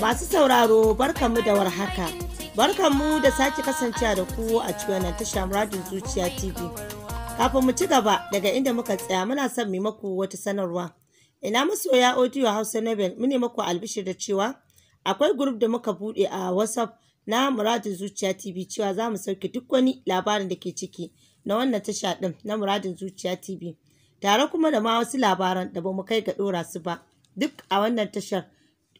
Masu sauraro barkanmu da warhaka. Barkanmu da sake kasancewa da ku a cikin tasha muradin zuciya TV. Kafin mu ci gaba daga inda muka tsaya muna son mu maku wata sanarwa. Ina masoya audio Hausa Nobel mune maku albishir da cewa akwai group da muka bude a WhatsApp na muradin zuciya TV cewa za mu sauke duk wani labarin da ke ciki na wannan tasha din na muradin zuciya TV. Tare kuma da ma wasu labaran da bamu kai ga dora su ba duk a wannan tashar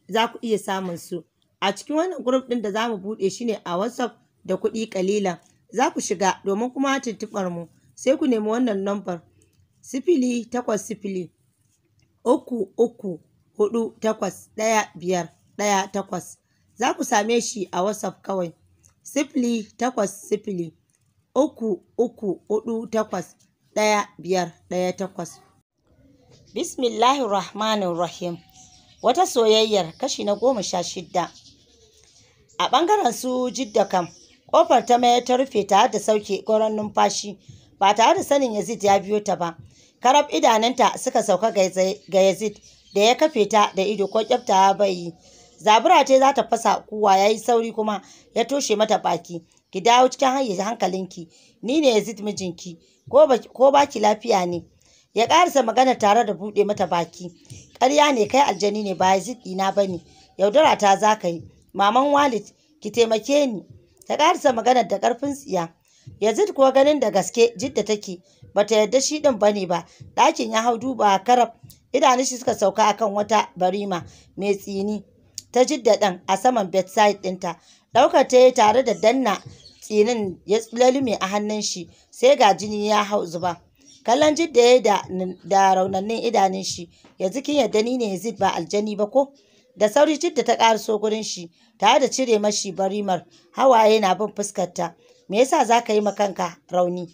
za ku iya samun su a cikin wannan group ɗin da za mu buɗe shi ne a whatsapp da kuɗi ƙalilan za ku shiga domin kuma tuntuɓar mu sai ku nemi wannan nambar sifili takwas sifili uku uku hudu takwas ɗaya biyar ɗaya takwas za ku same shi a whatsapp kawai sifili takwas sifili uku uku hudu takwas ɗaya biyar ɗaya takwas bismillahirrahmanirrahim wata soyayyar kashi na goma sha shidda a ɓangaren su jidda kam ƙofar ta mayar ta rufe tare da sauke goron numfashi ba tare da sanin yazid ya biyo ta ba karab idananta suka sauka ga yazid da ya kafe ta da ido ko kyafta bai yi zabura ce za ta fasa kuwa ya yi sauri kuma ya toshe mata baki ki dawo cikin hankalinki ni ne yazid mijinki ko baki lafiya ne ya ƙarasa magana tare da buɗe mata baki ƙarya ne kai aljani ne ba yazid ɗina ba ne yaudara ta za ka yi maman walid ki taimake ni ta ƙarasa magana da ƙarfin tsiya yazid kuwa ganin da gaske jidda take bata yarda shi ɗin ba ne ba ɗakin ya hau duba karab idanun shi suka sauka akan wata barima mai tsini ta jidda ɗan a saman bedside ɗinta ɗaukar ta yi tare da danna tsinin ya a hannun shi sai ga jini ya hau zuba kallon jidda ya yi da raunannin idanun shi yanzu kin yadda ni ne yazid ba aljani ba ko da sauri jidda ta so gurin shi ta da cire mashi barimar hawaye na bin fuskarta me yasa za ka yi ma kanka rauni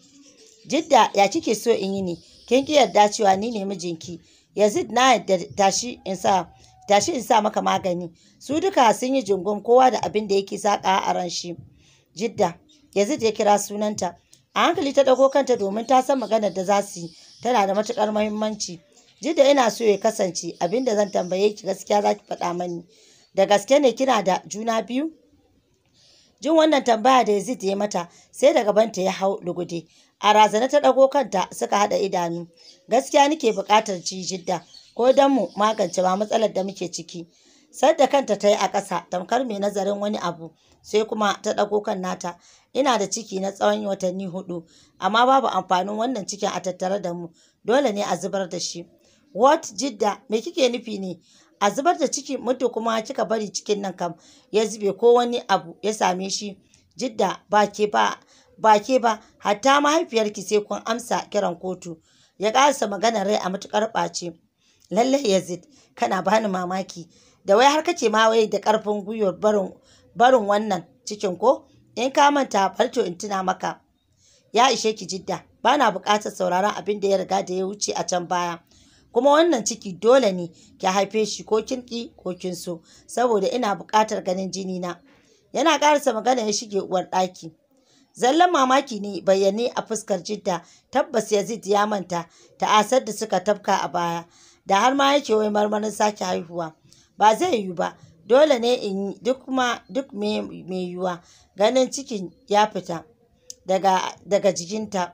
jidda ya kike so in yi ne kin ki yarda cewa ni ne mijinki yazid na yadda tashi in sa tashi in sa maka magani su duka sun yi jungum kowa da abin da yake saka a ran shi jidda yazid ya kira sunanta a hankali ta ɗago kanta domin ta san maganar da za su yi tana da matuƙar muhimmanci jidda ina so ya kasance abin da zan tambaye ki gaskiya za ki faɗa mani da gaske ne kina da juna biyu jin wannan tambaya da yazid ya mata sai da ta ya hau lugude a razana ta ɗago kanta suka haɗa idanu gaskiya nake buƙatar ci jidda ko don mu magance ma matsalar da muke ciki sai da kanta ta yi a ƙasa tamkar mai nazarin wani abu sai kuma ta ɗago kan nata ina da ciki na tsawon watanni hudu amma babu amfanin wannan cikin a tattare da mu dole ne a zubar da shi Wat jidda me kike nufi ne a zubar da ciki mutu kuma kika bari cikin nan kam ya zube ko wani abu ya same shi jidda ba ke ba hatta mahaifiyarki sai kun amsa kiran kotu ya ƙasa magana rai a matuƙar ɓace lallai yazid kana bani mamaki da wai har kace ma wai da ƙarfin gwiwar barin barin wannan cikin ko in ka manta farto in tuna maka ya ishe ki jidda ba na buƙatar sauraron abin da ya riga da ya wuce a can baya kuma wannan ciki dole ne ki haife shi ko kin ki ko kin so saboda ina buƙatar ganin jini na yana ƙarasa magana ya shige uwar ɗaki zallan mamaki ne bayyane a fuskar jidda tabbas yazid ya manta ta'asar da suka tafka a baya da har ma yake wai marmarin sake haihuwa ba zai yiwu ba dole ne in yi duk ma duk mai yiwuwa ganin cikin ya fita daga jikinta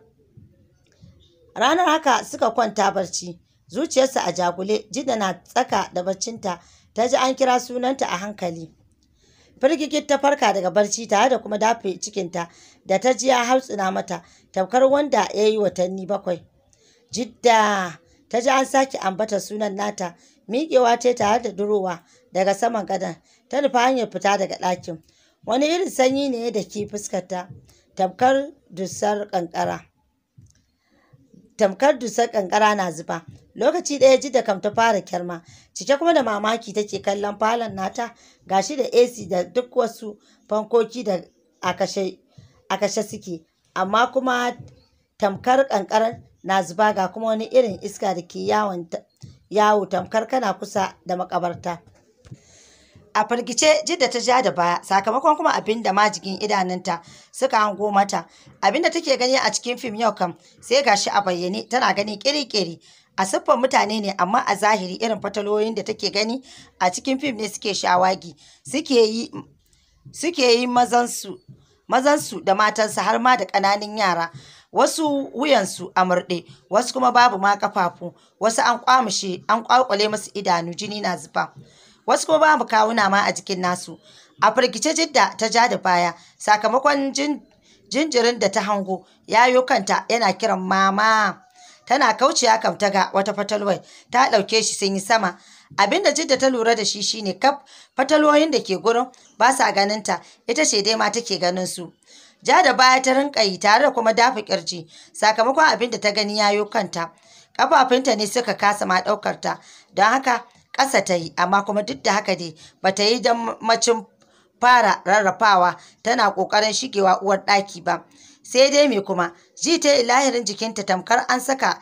ranar haka suka kwanta barci zuciyarsa a jagule jida na tsaka da barcinta ta ji an kira sunanta a hankali firgigit ta farka daga barci tare da kuma dafe cikinta da ta ji ya hautsina mata tamkar wanda ya yi watanni bakwai jidda ta ji an sake ambata sunan nata Miƙewa ce tare da durowa daga saman gadon ta nufa hanyar fita daga ɗakin. Wani irin sanyi ne da ke fuskarta tamkar dusar ƙanƙara. Tamkar dusar ƙanƙara na zuba. Lokaci ɗaya ji da kam ta fara kyarma, cike kuma da mamaki take kallon falon nata Ga shi da AC da duk wasu fankoki da a kashe suke, amma kuma tamkar ƙanƙarar na zuba ga kuma wani irin iska da ke yawon yawo tamkar kana kusa da makabarta a firgice jidda ta ja da baya sakamakon kuma abin da majigin idanunta suka hango mata abin da take gani a cikin fim yau kam sai gashi a bayyane tana gani kiri-kiri a siffar mutane ne amma a zahiri irin fataloyin da take gani a cikin fim ne suke shawagi suke yi mazansu da matansa, har ma da ƙananan yara wasu wuyansu a murɗe wasu kuma babu ma kafafu wasu an kwamushe an kwakwale masu idanu jini na zuba wasu kuma babu kawuna ma a jikin nasu a firgice jidda ta ja da baya sakamakon jinjirin da ta hango yayo kanta yana kiran mama tana kaucewa kam ta ga wata fatalwai ta ɗauke shi sun yi sama abin da jidda ta lura da shi shine kaf fatalwoyin da ke gurin ba sa ta, ita ce dai ma take ganin su ja da baya ta rinka yi tare da kuma dafa kirji sakamakon abin da ta gani yayo kanta kafafunta ne suka kasa ma daukar ta don haka ƙasa ta yi amma kuma duk da haka dai ba ta yi dan macin fara rarrafawa tana ƙoƙarin shigewa uwar ɗaki ba sai dai me kuma ji ta yi lahirin jikinta tamkar an saka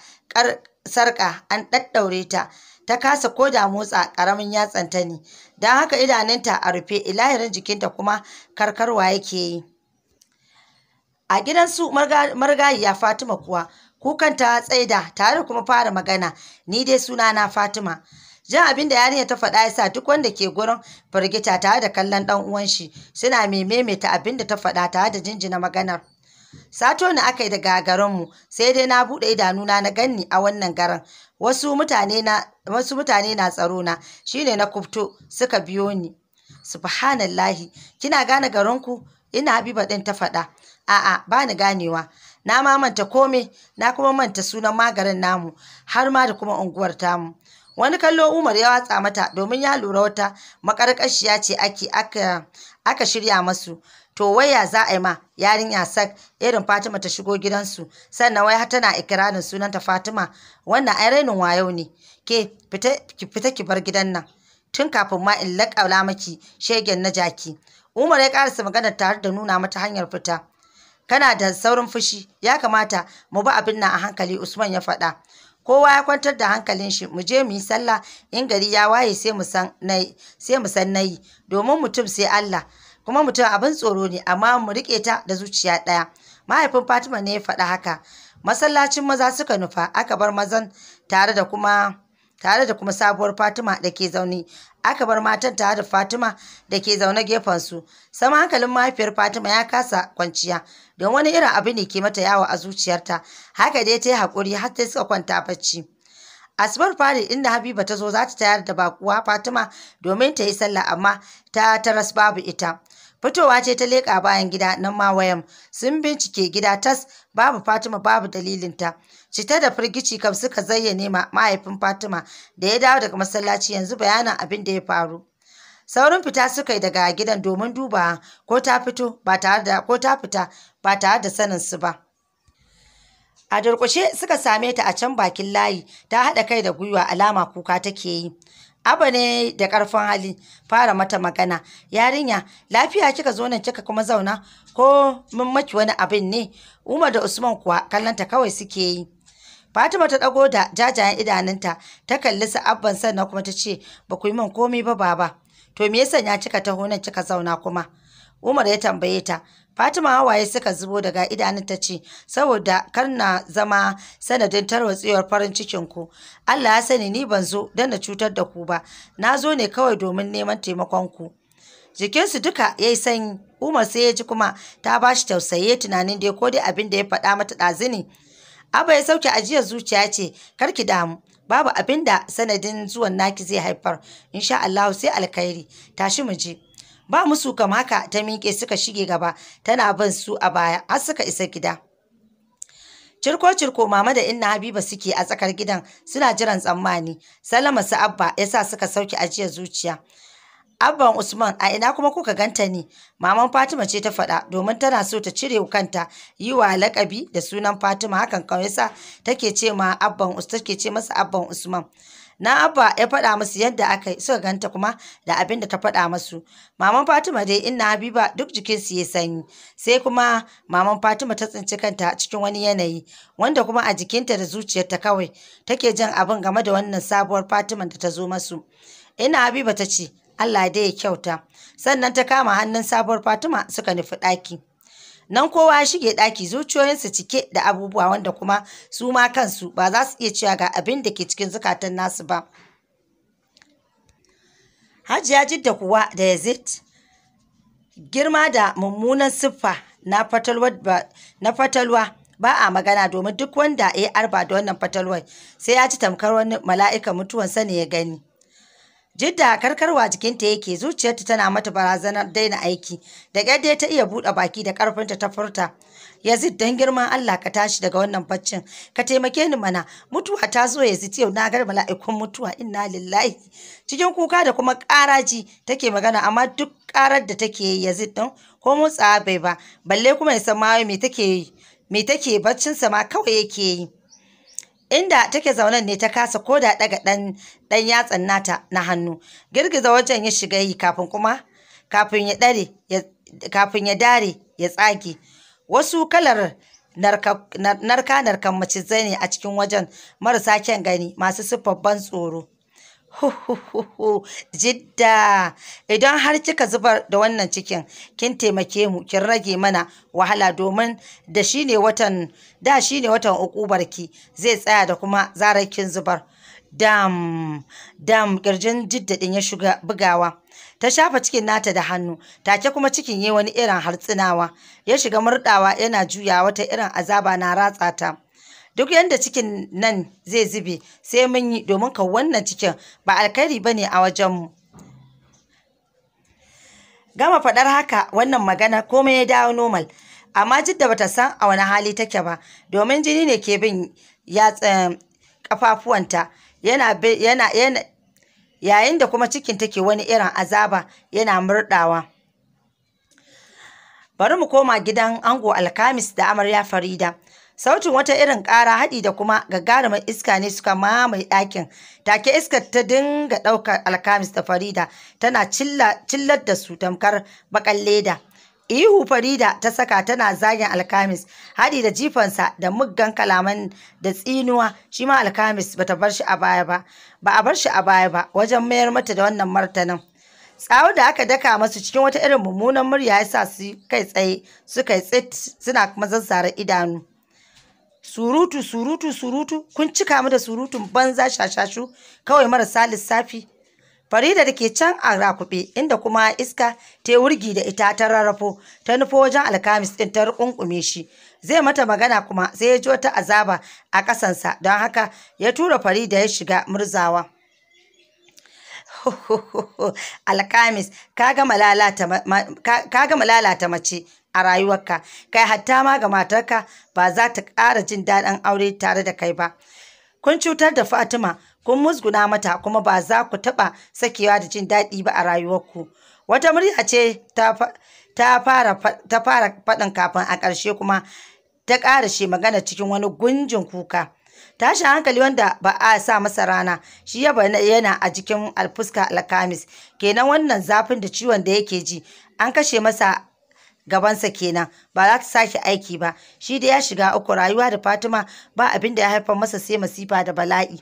sarƙa an ɗaɗɗaure ta ta kasa ko da motsa ƙaramin yatsanta ne don haka idanunta a rufe ilahirin jikinta kuma karkarwa yake yi a gidan su marigayiya fatima kuwa kukan ta tsaida tare da kuma fara magana ni dai suna na fatima jan abin da yarinya ta faɗa ya sa duk wanda ke gurin firgita tare da kallon ɗan uwan shi suna mai maimaita abin da ta faɗa tare da jinjina maganar sato ne aka yi daga garinmu sai dai na buɗe idanuna na ganni a wannan garin wasu mutane na wasu mutane na tsaro na shine na kubto suka biyo ni subhanallahi kina gane garinku ina habiba ɗin ta faɗa a'a ba ni ganewa na ma manta kome na kuma manta sunan magarin namu har ma da kuma unguwar tamu wani kallo umar ya watsa mata domin ya lura wata makarƙashiya ce ake aka, shirya masu to ya za a yi ma yarin sak irin fatima ta shigo gidansu sannan wai har tana ikirarin sunanta fatima wannan ai rainin wayo ne ke fita ki fita ki bar gidan nan tun kafin ma in laƙaula maki shegen na jaki Umar ya karasa magana tare da nuna mata hanyar fita. Kana da saurin fushi, ya kamata mu bi abin nan a hankali Usman ya faɗa. Kowa ya kwantar da hankalin shi, mu je mu yi sallah in gari ya waye sai mu san nayi, sai mu san nayi, domin mutum sai Allah. Kuma mutum abin tsoro ne, amma mu riƙe ta da zuciya ɗaya. Mahaifin Fatima ne ya faɗa haka. Masallacin maza suka nufa, aka bar mazan tare da kuma tare da kuma sabuwar Fatima da ke zaune aka bar matan tare da Fatima da ke zaune gefen su sama hankalin mahaifiyar Fatima ya kasa kwanciya don wani irin abu ne ke mata yawo a zuciyarta haka dai ta yi hakuri, har ta suka kwanta bacci Asibar fari inda Habiba ta zo za ta tayar da bakuwa Fatima domin ta yi sallah amma ta taras babu ita fitowa ce ta leƙa bayan gida nan ma wayam sun bincike gida tas babu Fatima babu dalilinta. cita da firgici kam suka zayyane mahaifin fatima da ya dawo daga masallaci yanzu bayanin abin da ya faru saurin fita suka yi daga gidan domin duba ko ta fito ko ta fita ba tare da sanin su ba a durƙushe suka same ta a can bakin layi ta haɗa kai da gwiwa alama kuka take yi Aba ne da ƙarfin hali fara mata magana. Yarinya, lafiya kika zo nan kika kuma zauna ko mun maki wani abin ne? Umar da Usman kuwa kallanta kawai suke yi. Fatima ta ɗago da jajayen idanunta ta kalli su abban sannan kuma ta ce ba ku yi min komai ba baba. To me yasa ya cika taho nan kika zauna kuma? Umar ya tambaye ta. Fatima hawaye suka zubo daga idanun ta ce saboda kar na zama sanadin tarwatsewar farin cikin ku. Allah ya sani ni ban zo dan na cutar da ku ba. Na zo ne kawai domin neman taimakon ku. jikinsu duka ya yi sanyi umar sai ya ji kuma ta bashi tausayi tunanin dai ko dai abin da ya faɗa mata ɗazini abba ya sauke ajiyar zuciya ce kar ki damu babu abin da sanadin zuwan naki zai haifar insha Allah sai alkhairi tashi mu je ba musu kam haka ta miƙe suka shige gaba tana bin su a baya har suka isa gida Cirko-cirko mama da inna Habiba suke a tsakar gidan suna jiran tsammani. Salama su Abba ya sa suka sauke ajiyar zuciya. Abban Usman a ina kuma kuka ganta ne? Maman Fatima ce ta faɗa domin tana so ta cire kanta yi wa lakabi da sunan Fatima hakan kawai sa take ce ma Abban take ce masa Abban Usman. Na Abba ya faɗa musu yadda aka yi suka ganta kuma da abin da ta faɗa musu. Maman Fatima dai inna Habiba duk jikinsu ya sanyi. Sai kuma maman Fatima ta tsinci kanta cikin wani yanayi wanda kuma a jikinta da zuciyarta kawai take jin abin game da wannan sabuwar Fatima da ta zo masu. Ina Habiba ta ce Allah dai ya kyauta sannan ta kama hannun sabuwar Fatima suka nufi ɗaki nan kowa ya shige ɗaki zuciyoyinsu cike da abubuwa wanda kuma su ma kansu ba za su iya cewa ga abin da ke cikin zukatan nasu ba hajiya jidda kuwa da yazid girma da mummunan siffa na fatalwa ba a magana domin duk wanda ya arba da wannan fatalwar sai ya ci tamkar wani mala'ika mutuwan sani ya gani Jidda karkarwa jikinta yake zuciyarta tana mata barazanar daina aiki da dai ta iya buɗe baki da ƙarfinta ta furta. Yazid don girman Allah ka tashi daga wannan baccin ka taimake ni mana mutuwa ta zo Yazid yau na ga mala'ikun mutuwa inna lillahi cikin kuka da kuma ƙaraji take magana amma duk ƙarar da take yi Yazid din ko motsa bai ba balle kuma ya san ma me take yi me take baccin ma kawai yake yi inda take zaunen ne ta kasa ko da daga dan dan yatsan nata na hannu girgiza wajen ya shiga yi kafin kuma kafin ya dare kafin ya dare ya tsage wasu kalar narka narkan macizai ne a cikin wajen marasa kyan gani masu siffar ban tsoro jidda idan har kika zubar da wannan cikin kin taimake mu kin rage mana wahala domin da shi ne watan da shi ne watan barki zai tsaya da kuma zarar kin zubar dam dam kirjin jiddadin ya shiga bugawa ta shafa cikin nata da hannu take kuma cikin yi wani irin hartsinawa ya shiga murɗawa yana juya wata irin azaba na ratsa ta duk yadda cikin nan zai zube sai mun yi domin ka wannan cikin ba alkhairi bane a wajen mu gama faɗar haka wannan magana komai ya dawo normal amma jidda bata san a wani hali take ba domin jini ne ke bin ya kafafuwanta eh, yana yana yayin da kuma cikin take wani irin azaba yana murɗawa bari mu koma gidan ango alkamis da amarya farida Sautin wata irin ƙara haɗi da kuma gagarumar iska ne suka mamaye ɗakin. Take iskar ta dinga ɗaukar alkamis da Farida tana cillar da su tamkar baƙar leda. Ihu Farida ta saka tana zagin Alkamis, haɗi da jifansa da muggan kalaman da tsinuwa, shi ma Alkamis bata bar shi a baya ba, ba a bar shi a baya ba wajen mayar mata da wannan martanin. Tsawon da aka daka masu cikin wata irin mummunan murya ya sa su kai tsaye, su kai tsit suna mazazzara idanu. surutu surutu surutu kun cika mu da surutun banza shashashu kawai marasa lissafi Farida da ke can a rakuɓe inda kuma iska ta yi wurgi da ita ta rarrafo ta nufo wajen alkamis ɗin ta rukunkume shi zai mata magana kuma sai ya ji wata azaba a ƙasansa don haka ya tura Farida ya shiga murzawa. alkamis ka gama lalata mace a rayuwarka kai hatta ma ga matarka ba za ta ƙara jin daɗin aure tare da kai ba kun cutar da fatima kun musguna mata kuma ba za ku taɓa sakewa da jin daɗi ba a rayuwarku wata murya ce ta fara faɗin kafin a ƙarshe kuma ta ƙara ƙarashe magana cikin wani gunjin kuka tashin hankali wanda ba a sa masa rana shi ya yana a jikin alfuska alkamis kenan wannan zafin da ciwon da yake ji an kashe masa gabansa kenan ba za ta sake aiki ba shi da ya shiga uku rayuwa da fatima ba abin da ya haifar masa sai masifa da bala'i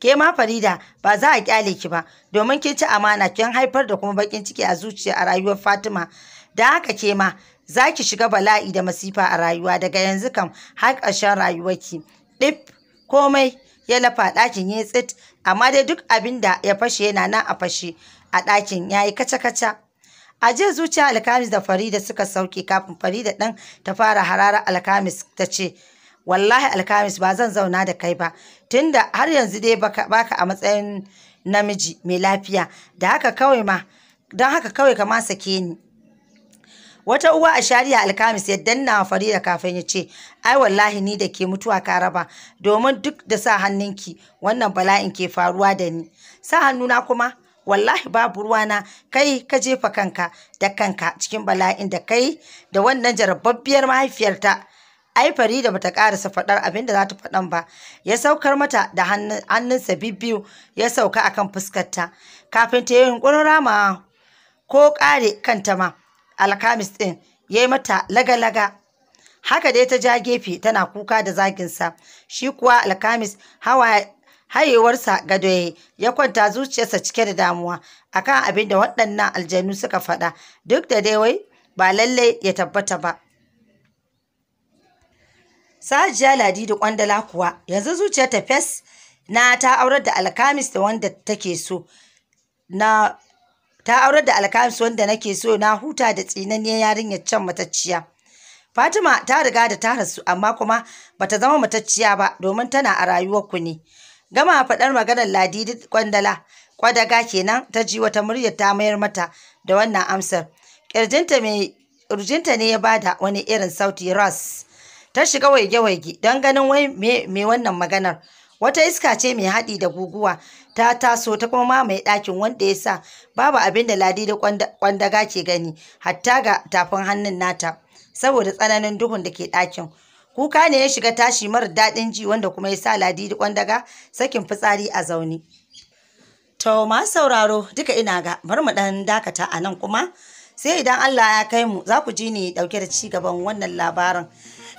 ke ma farida ba za a kyale ki ba domin kin ci amana kin haifar da kuma bakin ciki a zuciya a rayuwar fatima da haka ke ma za ki shiga bala'i da masifa a rayuwa daga yanzu kam har ƙarshen rayuwarki ɗif komai ya lafa ɗakin ya tsit amma dai duk abin da ya fashe yana nan a fashe a ɗakin ya yi kaca-kaca a jiya zuciya alkamis da farida suka sauke kafin farida ɗan ta fara harara alkamis ta ce wallahi alkamis ba zan zauna da kai ba tunda har yanzu dai baka a matsayin namiji mai lafiya da haka kawai ma don haka kawai ka ma sake ni wata uwa a shari'a alkamis ya danna farida kafin ya ce ai wallahi ni da ke mutuwa ka raba domin duk da sa hannunki wannan bala'in ke faruwa da ni sa hannuna kuma wallahi babu ruwana kai ka jefa kanka da kanka cikin bala'in da kai da wannan jarababbiyar mahaifiyarta ai Farida bata karasa faɗar abin da za ta faɗan ba ya saukar mata da hannunsa bibbiyu ya sauka akan fuskarta kafin ta yi yunkurin rama ko ƙare kanta ma alkamis ɗin ya yi mata laga-laga haka dai ta ja gefe tana kuka da zaginsa shi kuwa alkamis hawa hayewarsa gado ya ya kwanta zuciyarsa cike da damuwa akan abin da waɗannan aljanu suka faɗa duk da dai wai ba lallai ya tabbata ba sajiya ladi da kwandala kuwa yanzu zuciyarta fes na ta aurar da alkamis da wanda take so na ta aurar da alkamis wanda nake so na huta da tsinaniyar yarinyar can matacciya fatima ta riga da ta rasu amma kuma bata zama matacciya ba domin tana a rayuwar ku ne gama faɗar maganar ladidi kwandala kwadaga kenan ta ji wata murya ta mayar mata da wannan amsar Ƙirjinta mai urjinta ne ya bada wani irin sauti ras ta shiga waige-waige don ganin wai me wannan maganar wata iska ce mai haɗi da guguwa ta taso ta kuma mai ɗakin wanda ya sa babu abin da ladi da kwandaga ke gani hatta ga tafin hannun nata saboda tsananin duhun da ke ɗakin kuka ne ya shiga tashi mara daɗin ji wanda kuma ya sa ladi da kwandaga sakin fitsari a zaune to ma sauraro duka ina ga bar mu dan dakata a nan kuma sai idan Allah ya kai mu za ku ji ni ɗauke da ci gaban wannan labarin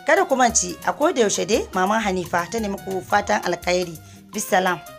kada kuma ci a koda yaushe dai maman Hanifa ta nemi ku fatan alkhairi bisalam